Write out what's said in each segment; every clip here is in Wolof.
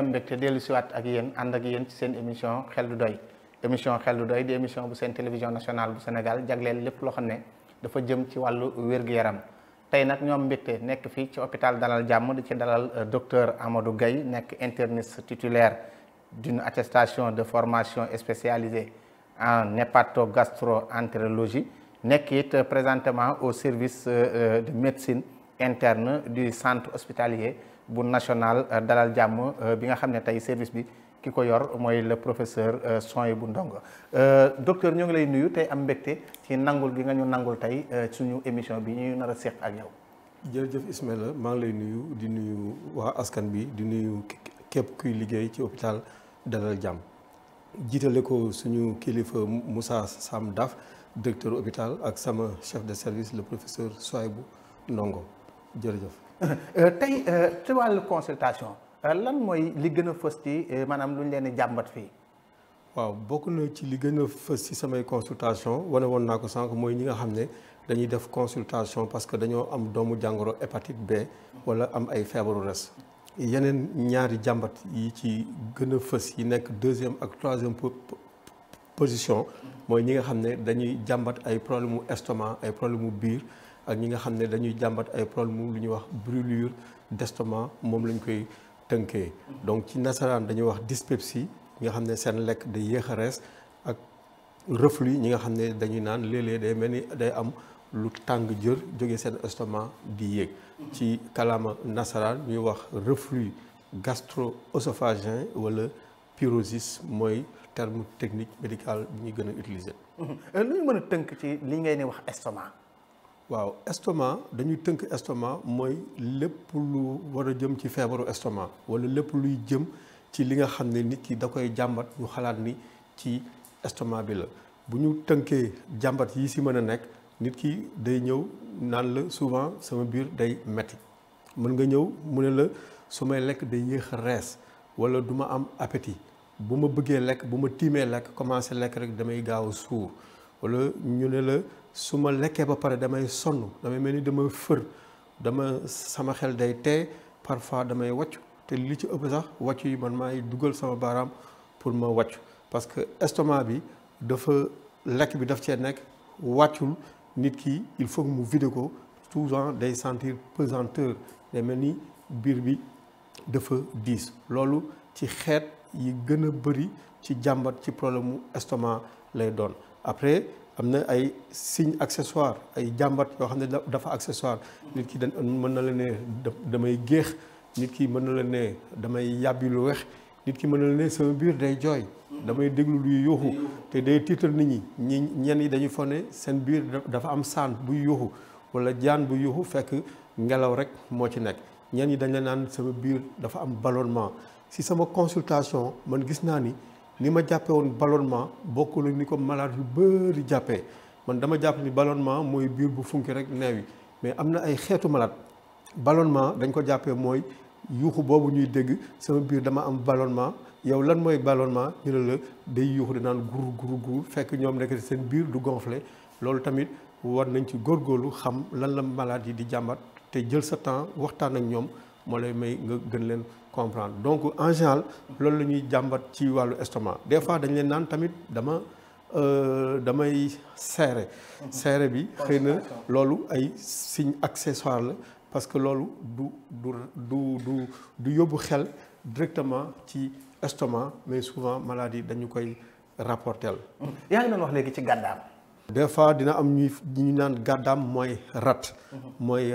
am mbégte dellu siwaat ak yéen ànd émission du doy émission xel doy émission bu télévision nationale du Sénégal jagleel lepp lo de dafa jëm ci walu wér-gu-yaram tay nak ñom mbégte nek fi ci hôpital dalal jamm di ci dalal euh, docteur Amadou Gaye nek interniste titulaire d'une attestation de formation spécialisée en hépatogastroentérologie nek it euh, présentement au service euh, de médecine interne du centre hospitalier bu national euh, dalal jàmm euh, bi nga xam ne tey service bi ki ko yor mooy le professeur euh, soy bu ndongo docteur ñoo ngi lay nuyu tey am mbégte ci nangul gi nga ñu nangul tey suñu émission bi ñuy nar seq ak yow. jërëjëf Ismaïla maa ngi lay nuyu di nuyu waa askan bi di nuyu képp kuy liggéey ci hôpital dalal jàmm jiitale ko suñu kilifa Moussa Sam Daf directeur hôpital ak sama chef de service le professeur Soy bu ndongo jërëjëf. Euh, tey euh, ci wàllu consultation euh, lan moi li gën a fës ci maanaam lu ñu leen di jàmbat fii. waaw bokk na ci li gën a fës samay consultation wane woon naa ko ñi nga xam dañuy def consultation parce que dañoo am doomu jàngoro hépatite B wala am ay feebaru res. yeneen ñaari jàmbat yi ci gën a fës yi nekk deuxième ak troisième position moi ñi nga xam ne dañuy jàmbat ay problème estomac ay problème mu biir ak ñi nga xam dañuy jàmbat ay problème lu ñuy wax brûlure d'estomac moom lañ koy tënkee donc ci nasaraan dañuy wax dyspepsie ñi nga xam ne seen lekk day yéex a ak reflux ñi nga xam ne dañuy naan léeg day mel day am lu tang jër jóge sen estomac di yéeg ci kalaama nasaral ñuy wax reflux gastro-œsophagien wala pyrosis moy terme technique médical bi ñi gëna utiliser. Hum hum. euh ñu mëna a ci li ngay ne wax estomac. waaw estomac dañuy tënk estomac mooy lépp lu war a jëm ci feebaru estomac wala lépp luy jëm ci li nga xam ne nit ki da koy jàmbat ñu xalaat ni ci estomac bi la bu ñu tënkee jàmbat yi si mën a nekk nit ki day ñëw naan la souvent sama biir day metti mën nga ñëw mu ne la su may lekk day yéex rees wala du ma am appétit bu ma bëggee lekk bu ma tiimee lekk commencé lekk rek damay gaaw suur wala ñu ne la suma ma lekkee ba pare damay sonn damay mel ni dama fër dama sama xel day tey parfois damay wàccu te li ci ëpp sax yi man maay dugal sama baaraam pour ma wàccu parce que estomac bi dafa lekk bi daf cee nekk wàccul nit ki il faut mu vide ko day sentir pesanteur day mel ni biir bi dafa diis loolu ci xeet yi gën a bëri ci jàmbat ci problème estomac lay doon après am na ay signe accessoire ay jàmbat yoo xam ne dafa accessoire nit ki dañ mën na la ne damay géex nit ki mën na leen ne damay yàbbi lu weex nit ki mën na la ne sama biir day jooy damay déglu luy yuuxu te day tiital nit ñi ñi ñenn yi dañu fone seen biir dafa am saan buy yuuxu wala jaan bu yuuxu fekk ngelaw rek moo ci nekk ñenn yi dañ la naan sama biir dafa am ballonnement si sama consultation man gis naa ni ni ma jàppe woon ballonnement bokkul ak ni ko malade yu bëri jàppee man dama jàpp ni ballonnement mooy biir bu funki rek neewi mais am na ay xeetu malade ballonnement dañ ko jàppee mooy yuuxu boobu ñuy dégg sama biir dama am ballonnement yow lan mooy ballonnement ñu ne la day yuuxu di naan guru guru guru fekk ñoom nekk seen biir du gonflé loolu tamit war nañ ci góor góorlu xam lan la malade yi di jàmbat te jël sa temps waxtaan ak ñoom moo may nga gën comprendre donc en général loolu la ñuy jàmbat ci walu estomac des fois dañ leen naan tamit dama euh, damay serré serré bi xeyna lolu ay signe accessoire la parce que lolu du du du du du xel directement ci estomac mais souvent maladie dañ koy rapportel Ya ngi doon wax légui ci gadam. des fois dina am ñuy ñu naan gadam moy rat mhm. mooy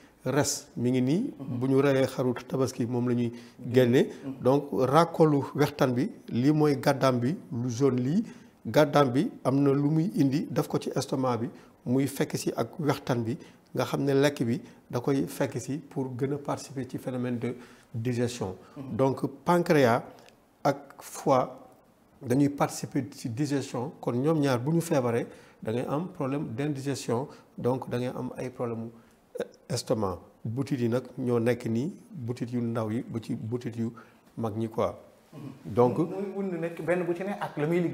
res mi ngi bu ñu tabaski mom lañuy donc rakkolu wextaan bi li bi lu jaune indi daf ko ci estomac bi muy fekk ci ak wextaan bi nga xamné pour participer phénomène de digestion donc pancréas ak foie dañuy participer ci digestion kon ñom ñaar bu ñu da ngay am problème d'indigestion donc da ngay am ay problème estomac butit nak ñoo nek ni butit yu ndaw yi bu ci butit yu mag ñi quoi. Mhm. donc muy nekk benn bu ci nekk ak li muy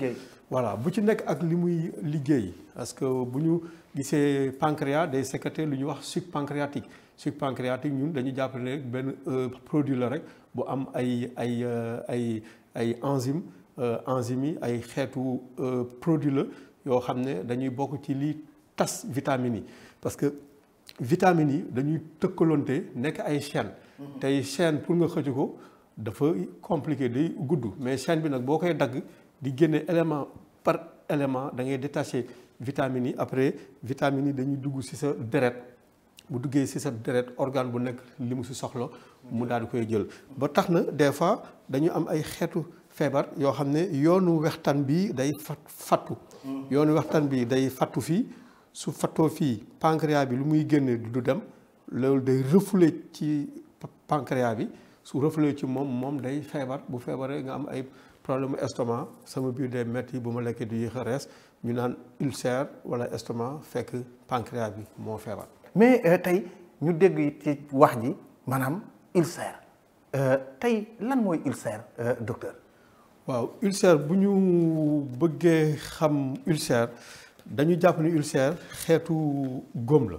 voilà bu ci nek ak limuy liguey parce que buñu gissé pancréas des sécréter luñu wax suc pancréatique suc pancréatique ñun dañu jàpp ne rek benn euh, produit la rek bu am ay ay euh, ay ay enzyme euh, yi ay xétu euh, produit la yo xamné dañuy bokk ci li tas vitamine parce que. vitamines yi dañuy tëkkalonte nekk ay chaînes. Mhm. tey chaîne pour nga xëcc ko dafa compliqué day gudd mais chaîne bi nag boo koy dagg di génne élément par élément dangay ngay détaché vitamines yi après vitamines yi dañuy dugg ci sa deret bu duggee ci sa deret organe bu nekk li mu ci soxla mu daal di koy jël ba tax na des fois dañu am ay xeetu feebar yoo xam ne yoonu waxtaan bi day fat fattu mhm. yoonu waxtaan bi day fattu fii su fattoo fii pancréas bi lu muy génne du dem loolu day reflé ci pancréas bi su reflé ci mom mom day fièvre bu fièvre nga am ay problème estomac sama biir day metti buma ma du yéex ñu naan ulcère wala estomac fekk pancréas bi mo fièvre mais euh, tay ñu dégg ci wax ji manam ulcère euh, tay lan moy ulcère euh, docteur. waaw ulcère bu ñu bëggee xam ulcère dañu japp ni ulcère xétu gomme? la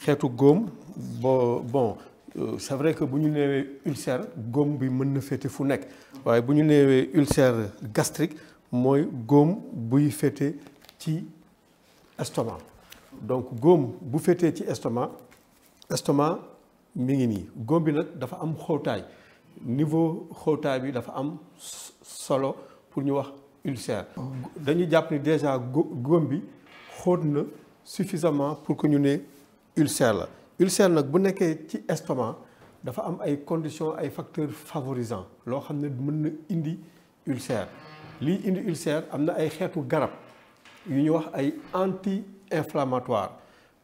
xétu góom bo bon euh, c'est vrai que buñu néwé ulcère góom bi mën na fété fu nek waye buñu néwé ulcère gastrique moy gomme buy fété ci estomac donc gomme bu fété ci estomac estomac mi ngi nii góom bi nag dafa am xóotaay niveau xóotaay bi dafa am solo pour ñu wax ulcère oh. dañu japp ni déjà gomme bi xóot suffisamment pour que ñu ne ulcère la ulcère nak bu nekké ci estomac dafa am ay conditions ay facteurs favorisants lo xamné mëna indi ulcère li indi ulcère amna ay xeetu garab yu ñu wax ay anti inflammatoire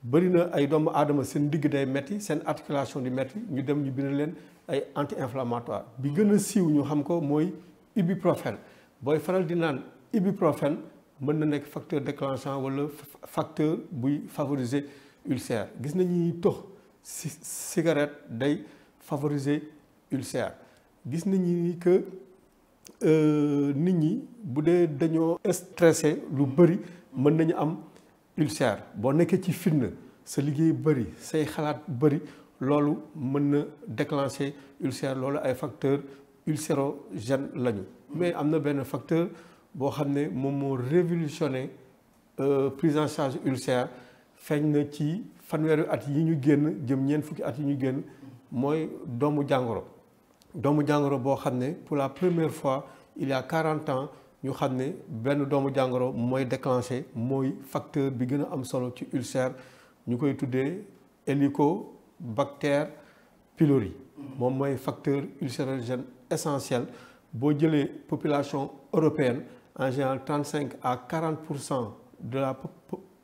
bari na ay doomu aadama sen digg day metti sen articulation di metti ñu dem ñu bind leen ay anti inflammatoire bi gën a siiw ñu xam ko moy ibuprofène boy faral di nan ibuprofène mën na nekk facteur déclenchant wala facteur buy favoriser ulcère gis nañuy tox cigarette day favoriser ulcère gis nañu ni que euh, nit ñi bu dee dañoo stressé lu bëri mën nañu am ulcère boo nekkee ci fitna sa liggéey bëri say xalaat bëri loolu mën na déclencher ulcère loolu ay facteur ulcérogène lañu mais am na benn facteur boo xam ne moom moo euh, prise en charge ulcère feeñ na ci fanweeri at yi ñu génn jëm ñeent fukki at yi ñu génn mooy doomu jàngoro doomu jàngoro boo xam pour la première fois il y a 40 ans ñu xam ne benn doomu jàngoro mooy déclenché moy facteur bi gëna am solo ci ulcère ñukoy tuddé tuddee Helicobacter pylori mom moy facteur ulcérogène essentiel bo jëlé population européenne en général 35 à 40 de la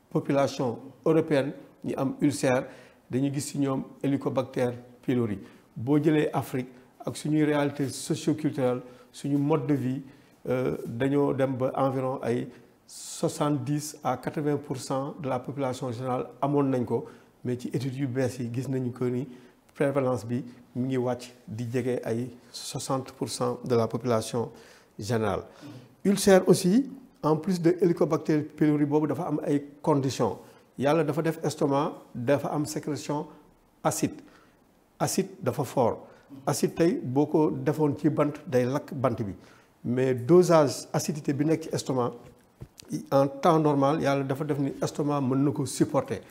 population européenne a une ulcère dañu gis ci Helicobacter pylori boo en Afrique ak une réalité socioculturelle un mode de vie euh, environ 70 à 80 de la population générale mais ci études du prévalence est de 60 de la population générale ulcère aussi en plus de Helicobacter pylori boobu dafa am ay conditions yàlla dafa def estomac dafa am sécrétion acide acide dafa fort acide tey boo ko ci bant day lakk bant bi mais dosage acidité bi ci estomac en temps normal yàlla dafa def ni estomac mën na supporter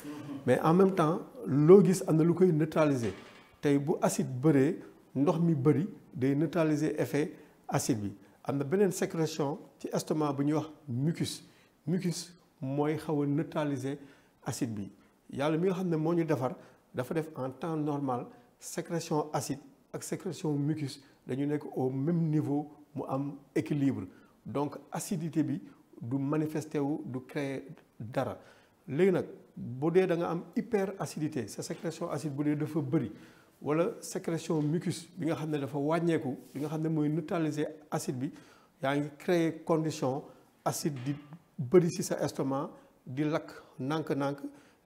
mais en même temps loo gis am na lu koy neutraliser tey bu acide bëree ndox mi bëri day neutraliser effet acide bi am na beneen sécrétion ci estomac buñ wax mucus mucus moy xaw neutraliser acide bi yalla mi nga xamne moñu défar dafa def en temps normal sécrétion acide ak sécrétion mucus dañu nek au même niveau mu am équilibre donc acidité bi du manifester ou du créer dara légui nak bu da nga am hyperacidité sa sécrétion acide bu dee dafa wala sécrétion mucus bi nga xamné dafa wàññeeku bi nga xamné moy neutraliser acide bi y'a nga créer condition acide di bëri ci sa estomac di lakk nank nank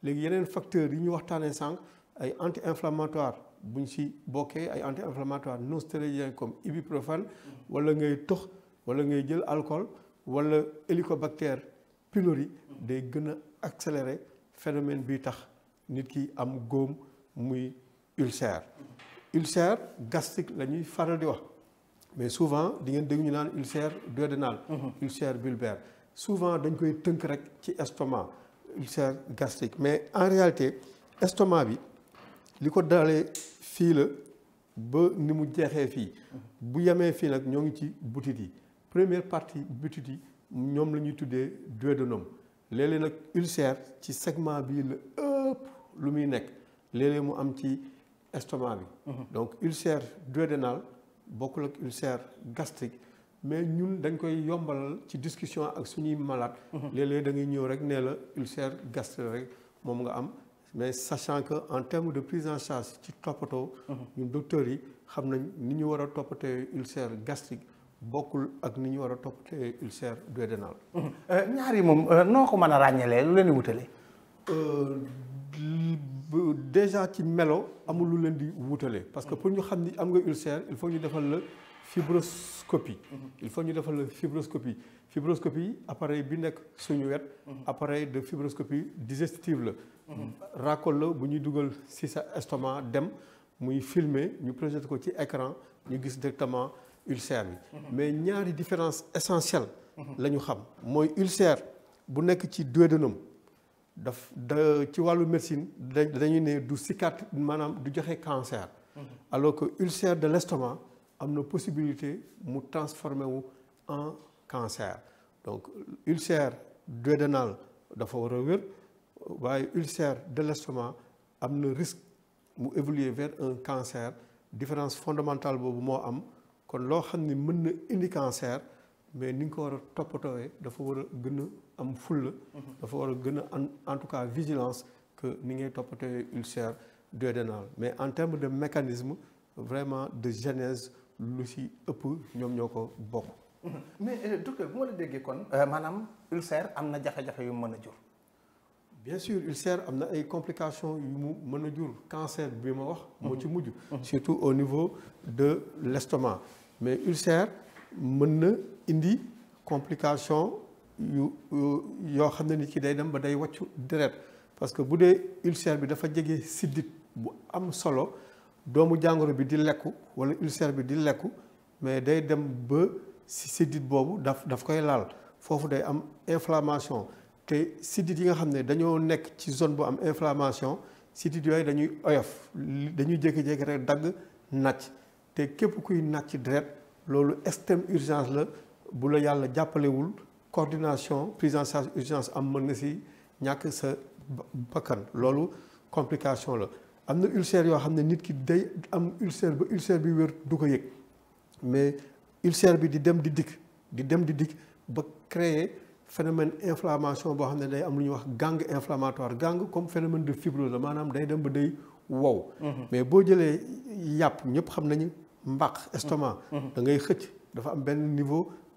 légui yeneen facteur yi ñu waxtaanee sànq ay anti inflammatoire buñ ci bokké ay anti inflammatoire non stéroïdiens comme ibuprofène wala ngay tox wala ngay jël alcool wala helicobacter pylori day gëna accélérer phénomène bi tax nit ki am gom muy ulcère ulcère gastrique la nuit faral di wax mais souvent di ngeen dégg ñu naan ulcère duodénal mhm. ulcère bulbaire souvent dañ koy tënk rek ci estomac ulcère gastrique mais en réalité estomac bi li ko dalee fii la ba ni mu jeexee fii mhm. bu yemee fii nag ñoo ci première partie butidi yi ñoom la ñuy tuddee duodénum léeg ulcère ci segment bii la ëpp lu muy nekk léeg estomac bi. Mhm. donc ulcère duodénal beaucoup ulcère gastrique mais ñun dañ koy yombalal ci discussion ak suñuy malade. les mhm. les da ngay rek la ulcère gastrique rek moom nga am mais sachant que en terme de prise en charge ci toppatoo. Mhm. ñun docteurs yi xam nañ ni ñu war ulcère gastrique beaucoup ak ni ñu wara a ulcère duodénal. euh ñaari mom euh, noko mëna mën lu leen di euh déjà ci melo amul lu leen di parce que pour ñu faire ni am nga ulcère il faut ñu de la fibroscopie mhm. il faut ñu de la fibroscopie fibroscopie appareil bi mhm. appareil de fibroscopie digestive le mhm. racole le bu ñuy duggal ci sa estomac dem muy filmer ñu projeté ko ci écran ñu gis directement ulcère y mais ñaari différence essentielle la ñu xam moy ulcère bu nek ci duodenum da ci walu médecine dañuy ne du cicatrice manam du joxé cancer mhm. alors que ulcère de l'estomac a une possibilité mu transformer en cancer donc ulcère duodénal dafa war a ulcère de l'estomac a un risque mu évoluer vers un cancer différence fondamentale pour moi, am kon lo xamni ne cancer mais ni ko wara am full, da fa wara en tout cas vigilance que ni ngay toppatee ulcère duodénal mais en termes de mécanisme vraiment de genèse lu ci ëpp ñom ñoko bokk. mais euh, donc, bu ma la déggee kon euh, manam ulcère amna jafé jafé yu mëna bien sûr ulcère amna ay complications yu mu mën jur cancer bi ma wax. moo ci muju mhm. surtout au niveau de l'estomac mais ulcère mëna indi complication yu yoo xam ne nit ki day dem ba day wàccu deret parce que bu dee ulcère bi dafa jege siddit bu am solo doomu jàngoro bi di lekku wala ulcère bi di lekku mais day dem ba si siddit boobu daf daf koy laal foofu day am inflammation te siddit yi nga xam ne dañoo nekk ci zone bu am inflammation siddit yooyu dañuy oyof dañuy jékki-jékki rek dagg nàcc te képp kuy nàcc deret loolu extrême urgence la bu la yàlla jàppalewul coordination prise en charge urgence am mën na si ñàkk sa bakkan loolu complication la am na ulcère yoo xam ne nit ki day am ulcère ba ulcère bi wér du ko mais ulcère bi di dem di dik di dem di dik ba créer phénomène inflammation bo xam day am lu wax gang inflammatoire gang comme phénomène de fibrose manam day dem ba day wow mhm. mais bo jëlee yap ñëpp xam nañu mbaq estomac mhm. da ngay xëcc dafa am ben niveau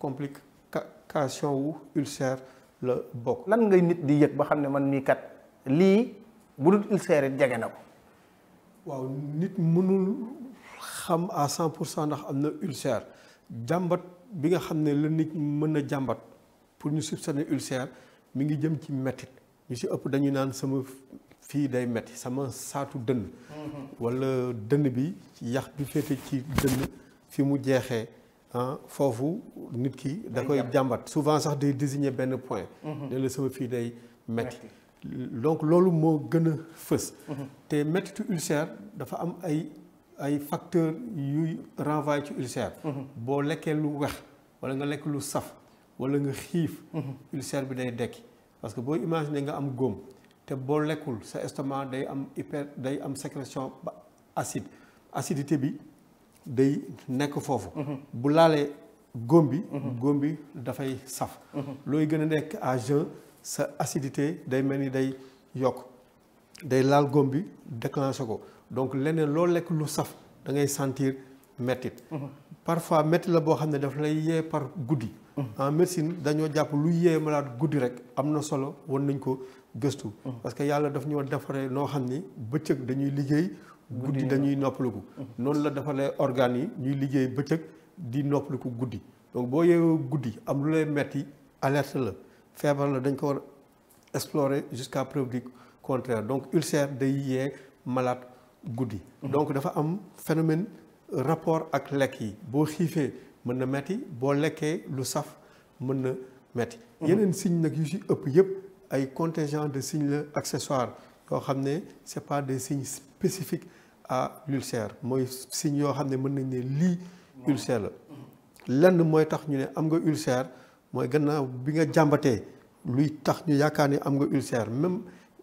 complication wu ulcère la bokk. lan ngay nit di yëg ba xam ne man mii kat lii bu dul ulcère it jege na ko. waaw nit mënul xam à cent pour cent ndax am na ulcère jàmbat bi nga xam ne la nit mën na jàmbat pour ñu soupçonner ulcère mi ngi jëm ci mettit ñu si ëpp dañuy naan sama fii day metti sama saatu dënn mm-hmm. walla dënn bi yax bi féete ci dënn fi mu jeexee ah foofu nit ki da koy jàmbat souvent sax day désigner ben point mhm. ne le sama fii day donc lolu mo gën feus té mhm. te mettitu ulcère dafa am ay ay facteur yu renvoie ci ulcère mhm. bo lekkee lu wex wala nga lekk lu saf wala nga xif ulcère bi day dekki parce que bo imaginer nga am gomme té bo lekul sa estomac day am hyper day am sécrétion acide acidité bi day nekk foofu. bu laalee góom bi. góom bi dafay saf. looy gën a nekk à jeun sa acidité day mel ni day yokk day laal góom bi déclenché ko donc leneen loo lekk lu saf da ngay sentir mettit. parfois métti la boo xam ne daf lay yee par guddi. en dañoo jàpp lu yee malade guddi rek am na solo wan nañ ko gëstu. parce que yàlla daf ñoo defaree noo xam ni bëccëg dañuy liggéey. Goudi, dañuy noppaliku. non la defalee organes yi ñuy liggéey bëccëg di noppaliku goudi donc bo yé goudi am lu lay metti alerte la fièvre la dañ ko explorer jusqu'à preuve du contraire donc ulcère day yee malade goudi. donc dafa am phénomène rapport ak lekk yi bo xifé mën na metti bo lekkee lu saf mën na metti yeneen signe nak yu ci ëpp yépp ay contingent de signes accessoires. accessoire yoo xam ne c'est pas des signes spécifiques. à l'ulcère mooy signe yoo xam ne mën nañ ne lii ulcère la lenn mooy tax ñu ne am nga ulcère mooy gannaaw bi nga jàmbatee luy tax ñu yaakaar ni am nga ulcère même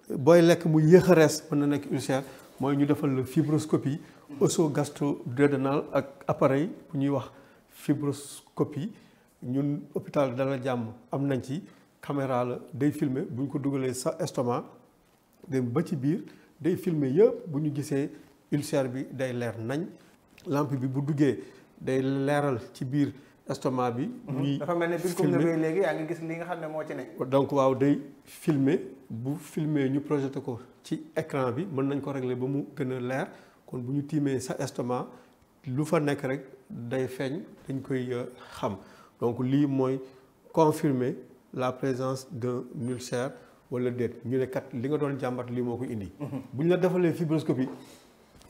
booy lekk mu yéex a rees mën na nekk ulcère mooy ñu defal la fibroscopie osso gastro duodénal ak appareil bu ñuy wax fibroscopie ñun hôpital Dalal Jàmm am nañ ci caméra la day filmer bu ñu ko dugalee sa estomac dem ba ci biir day filmer yëpp bu ñu gisee ulcère bi day leer nañ lampe bi bu duggé day leeral ci biir estomac bi. ñuy mhm. dafa mel ne bi ñu ko léegi nga ngi gis li nga xamné mo ci né donc waaw day filmer bu filmer ñu projeté ko ci écran bi mën nañ ko régler ba mu gëna a leer kon bu ñu tiimee sa estomac lu fa nek rek day feeñ dañ koy euh, xam donc li moy confirmer la présence d'un ulcère wala déet ñu ne kat li nga doon jàmbat lii moo ko indi. Mhm. buñ la defalee fibroscopie.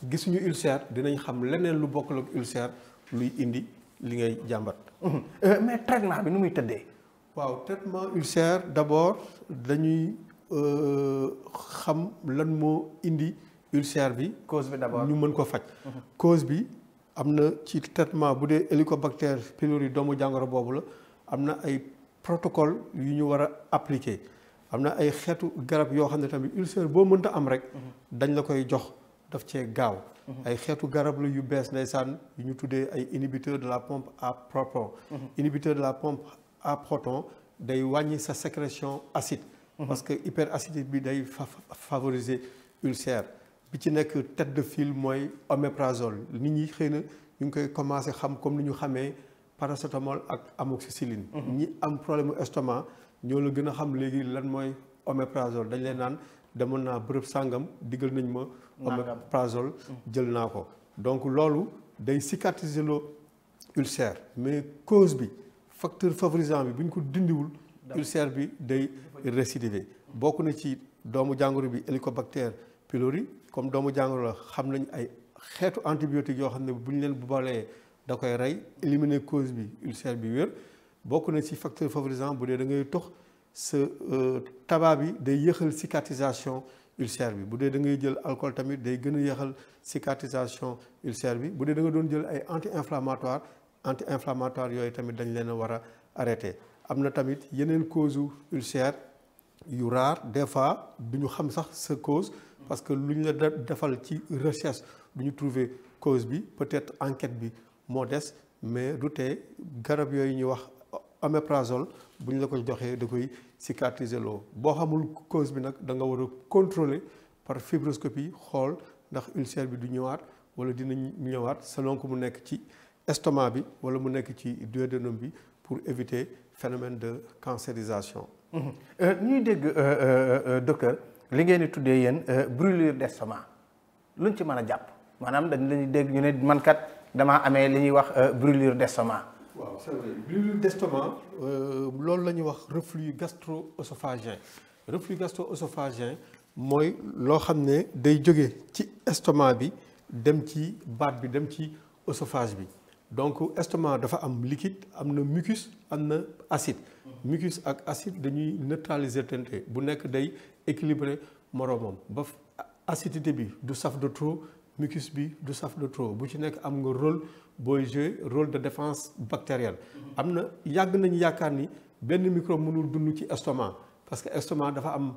gisuñu ulcère dinañ xam leneen lu bokk ak ulcère luy indi li ngay jàmbat. Mhm. Euh, mais traitement bi nu muy tëddee. waaw traitement ulcère d'abord dañuy euh, xam lan moo indi ulcère bi. cause bi d'abord ñu mën ko faj. Mhm. cause bi am na ci traitement bu dee Helicobacter pylori doomu jàngoro boobu la am na ay protocole yu ñu war a appliquer am na ay xeetu garab yoo xam ne tamit ulcère boo mënta am rek. Mhm. dañ la koy jox. daf cee gaaw. ay xeetu garab la yu bees ndeysaan yu ñu ay inhibiteur de la pompe à proton. inhibiteur de la pompe à proton day wàññi sa sécrétion acide. parce que hyperacidité bi day favoriser ulcère bi ci nekk tête de fil, moi, oméprazole nit ñi xëy commence ñu koy commencé xam comme ni ñu xamee paracétamol ak amoxicilline. Ni am problème estomac ñoo la gën a xam léegi lan mooy oméprazole dañ leen naan demoon naa bërëb sàngam nañ ma oméprazole jël naa ko donc loolu day cicatriser l'ulcère, ulcère mais cause bi facteur favorisant bi buñ ko dindiwul ulcère bi day récidiver bokk na ci doomu jàngoro bi hélicobacter pylori comme doomu jàngoro la xam nañ ay xeetu antibiotique yoo xam ne bu ñu leen bubalee da koy rey éliminer cause bi ulcère bi wér bokk na ci facteur favorisant bu dee da ngay tox sa euh, tabac bi day yéexal cicatrisation ulcère bi bu dee da ngay jël alcool tamit day la cicatrisation ulcère bi bu dee da nga doon jël ay anti inflammatoire anti inflammatoire yooyu tamit dañ leen a war a arrêté am na tamit yeneen cause ulcère yu rare des fois du ñu xam sax cause parce que lu ñu la defal ci recherche du ñu trouver cause bi peut-être enquête bi moo mais du tee garab yooyu wax améprazole buñ la ko joxee da koy cicatriser lo bo xamul cause bi nak da nga wara contrôler par fibroscopie xol ndax ulcère bi du ñëwaat wala dina ñëwaat selon que mu nekk ci estomac bi wala mu nekk ci duodénum bi pour éviter phénomène de cancérisation. Mhm. Euh, ñuy dégg euh, euh, docteur li ngeen di tuddee yéen brûlure d'estomac luñ ci mën a jàpp maanaam dañ lañuy dégg ñu ne man kat dama amee li ñuy wax brûlure d'estomac waaw c'est vrai bulle wax reflux gastro-œsophagien reflux gastro-œsophagien mooy loo xam ne day jóge ci estomac bi dem ci baat bi dem ci œsophage bi donc estomac dafa am liquide am mucus am acide mucus ak acide dañuy neutraliser tenté bu nek day équilibré moroomam ba acidité bi du saf de trop mucus bi du saf de trop bu ci nek am nga rôle booy jouer rôle de défense bactérienne mm-hmm. amna yag yàgg nañu yaakaar ni benn microbe mënul dund ci estomac parce que estomac dafa am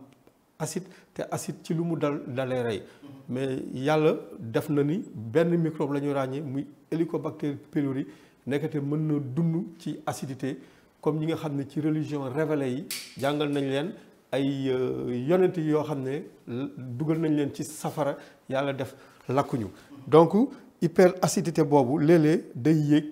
acide té acide ci lu dal dalay mm-hmm. mais yalla def na ni ben micro lañu ñu ràññee muy Helicobacter pylori nekkate mën na dund ci acidité comme ñi nga xamné ci religion révélée yi jangal nañ leen ay euh, yonent yoo xam ne dugal nañ leen ci safara yalla def lakkuñu mm-hmm. donc hyperacidité bobu lélé day yéeg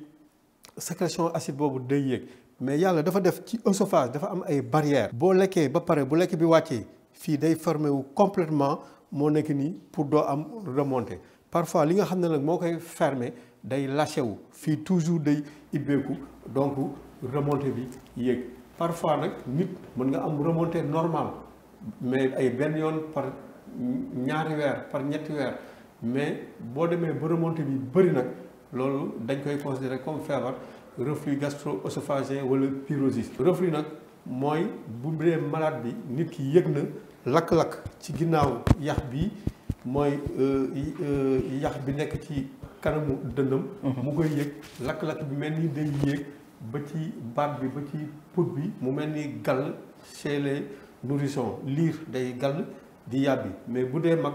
sécrétion acide bobu day yéeg mais yalla dafa def ci œsophage dafa am ay barrières. bo léké ba paré bu lekk bi wàccee fi day fermer wu complètement moo nekk nii pour do am remonter. parfois li nga xamné ne nag moo koy fermé day lâché wu fi toujours day ibéku donc remonter bi yéeg parfois nak nit mën nga am remonter normal mais ay ben yoon par ñaari wèr par ñetti wèr mais boo demee ba remontée bi bëri nak loolu dañ koy considérer comme fièvre reflux gastro-œsophagien wala pyrosis. reflux nak moy bu dee malade bi nit ki yegna lak lak ci ginnaw yax bi moy euh euh yax bi nek ci kanamu dëndam. Mhm. mu koy yëg lak lak bi melni ni day yéeg ba ci baat bi ba ci put bi mu melni gal chez les nourrissons lire day gal di yàbbi mais bu dee mag.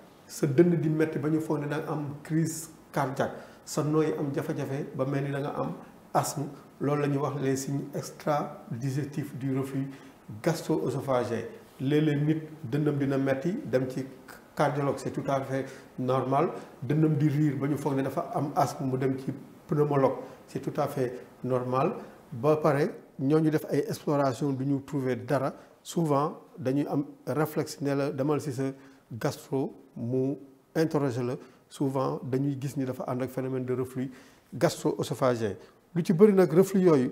sa dënn di metti ba ñu da am crise cardiaque sa nooy am jafe-jafe ba melni da nga am asthme loolu lañu wax les signes extra digestif du reflux gastro-œsophagien léeg-léeg nit dënnam dina metti dem ci cardiologue c'est tout à fait normal dënnam di rire ba ñu foog dafa am asthme mu dem ci pneumologue c'est tout à fait normal ba pare ñooñu def ay exploration duñu trouver dara souvent dañuy am réflexe ne la demal si gastro mu interroger souvent dañuy gis ni dafa ànd ak phénomène de reflux gastro-œsophagien lu ci bari nak reflux yoyu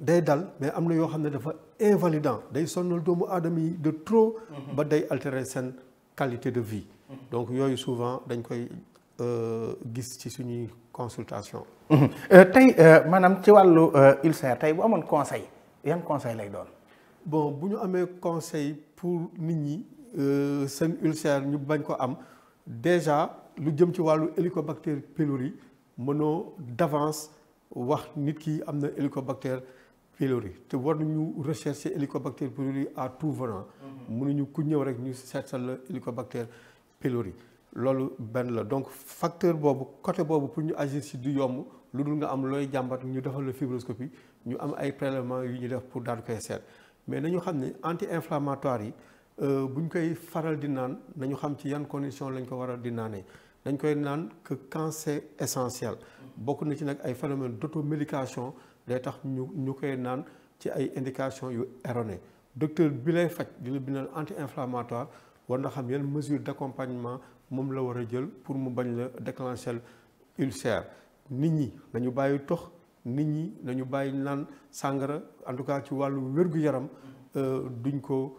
day dal mais amna yo xamné dafa invalidant day sonnal doomu aadama yi de trop. Mhm. ba day altérer sen qualité de vie. Mhm. donc yoyu souvent dañ koy euh, gis ci suñuy consultation. Mhm. Euh, tey euh, manam ci il ulcère tay bu amone conseil yan conseil lay don bon buñu amé conseil pour nit ñi. Euh, seen ulcère ñu bañ ko am déjà lu jëm ci walu helicobacter pylori mëno d'avance wax nit ki am na Helicobacter pylori te war ñu rechercher helicobacter pylori à tout venant. Mhm. ñu ku ñëw rek ñu sétal la hélicobacter pylori. lolu ben la donc facteur bobu côté bobu pour ñu agir ci du yomb lu dul nga am loy jàmbat ñu defal la fibroscopie ñu am ay prélèvements yu ñu def pour dal koy seet mais nañu xam anti inflammatoire yi. Euh, buñ koy faral di naan nañu xam ci yan condition lañ ko waral di naanee dañ koy naan que quand c'est essentiel bokk na ci nag ay phénomène d'automédication day tax ñu ñu koy naan ci ay indication yu erroné docteur bi lay faj di la bindal anti-inflammatoire war na xam yan mesure d'accompagnement moom la war a jël pour mu bañ la déclencher ulcère nit ñi nañu bàyyi tox nit ñi nañu bàyyi naan sàngara en tout cas ci wàllu wér-gu-yaram euh, duñ ko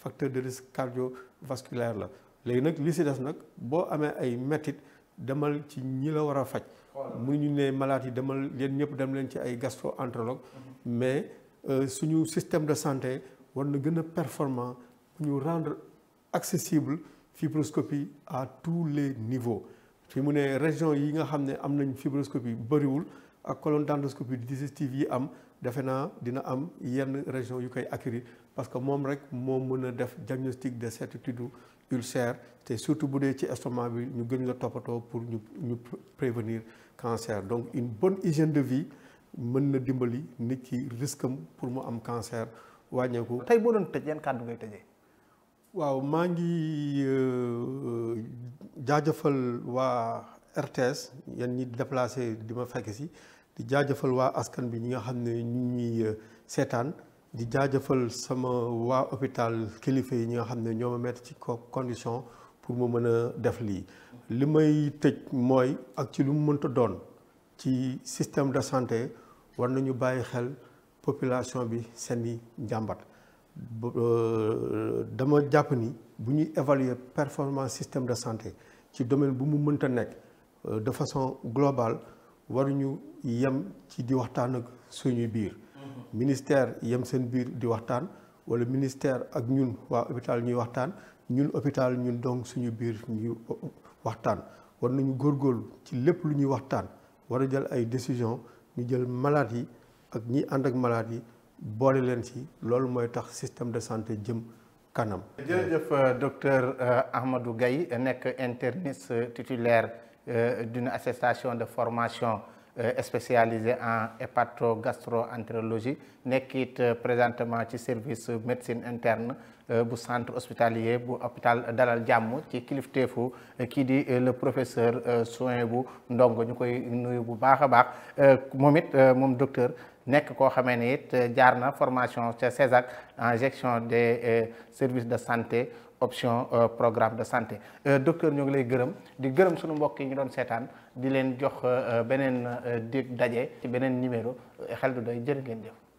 facteur de risque cardiovasculaire là. léegi nag li des nag boo amee ay mettit demal ci ñi la war a faj mu ñu ne malade yi demal les ñëpp dem ci ay gastro-entérologue mhm. mais euh, suñu système de santé war na plus performant pour ñu rendre accessible fibroscopie à tous les niveaux fi mu ne région yi nga xam ne am nañ fibroscopie bëriwul ak d'endoscopie digestive yi am des régions dina am yenn région yu koy parce que mom rek moo meuna def diagnostic de certitude ulcère té surtout boudé ci estomac bi ñu gën la topato pour ñu ñu prévenir cancer donc une bonne hygiène de vie meuna dimbali nit ki risque pour mu am cancer wañé ko tay bo doon tej yeen kaddu ngay tejé waaw ma ngi euh, jaajëfal wa RTS yeen ñi déplacer di ma fekk ci di jaajeufal wa askan bi ñi nga xamné ñi ñu ñuy di jaajëfal sama wa hôpital kilifa ñi condition pour mu def li limay moy ak système de santé war nañu évalué xel population bi euh, dama ni évaluer système de santé ci domaine bu mu mënta euh, de façon globale ci di waxtaan ministère yem seen biir di waxtan ministère ak ñun wa hôpital ñuy waxtan ñun hôpital ñun donc suñu biir waxtan war nañu gorgol ci lepp lu ñuy jël ay décision ñu jël malade yi ak ñi and ak malade yi ci système de santé jëm kanam. jërëjëf euh, docteur euh, Ahmadou Gaye interniste titulaire euh, d'une association de formation. Euh, spécialisé en hépatogastro-entérologie euh, présentement au service médecine interne du euh, centre hospitalier bu hôpital Dalal ci le professeur Ndongo docteur formation en gestion des services de santé option euh, programme de santé euh, docteur ñoo ngi lay gërëm di gërëm suñu mbokk yi ñu doon seetaan di leen jox euh, beneen di daje ci beneen numéro xel du doy jërë ngeen jëf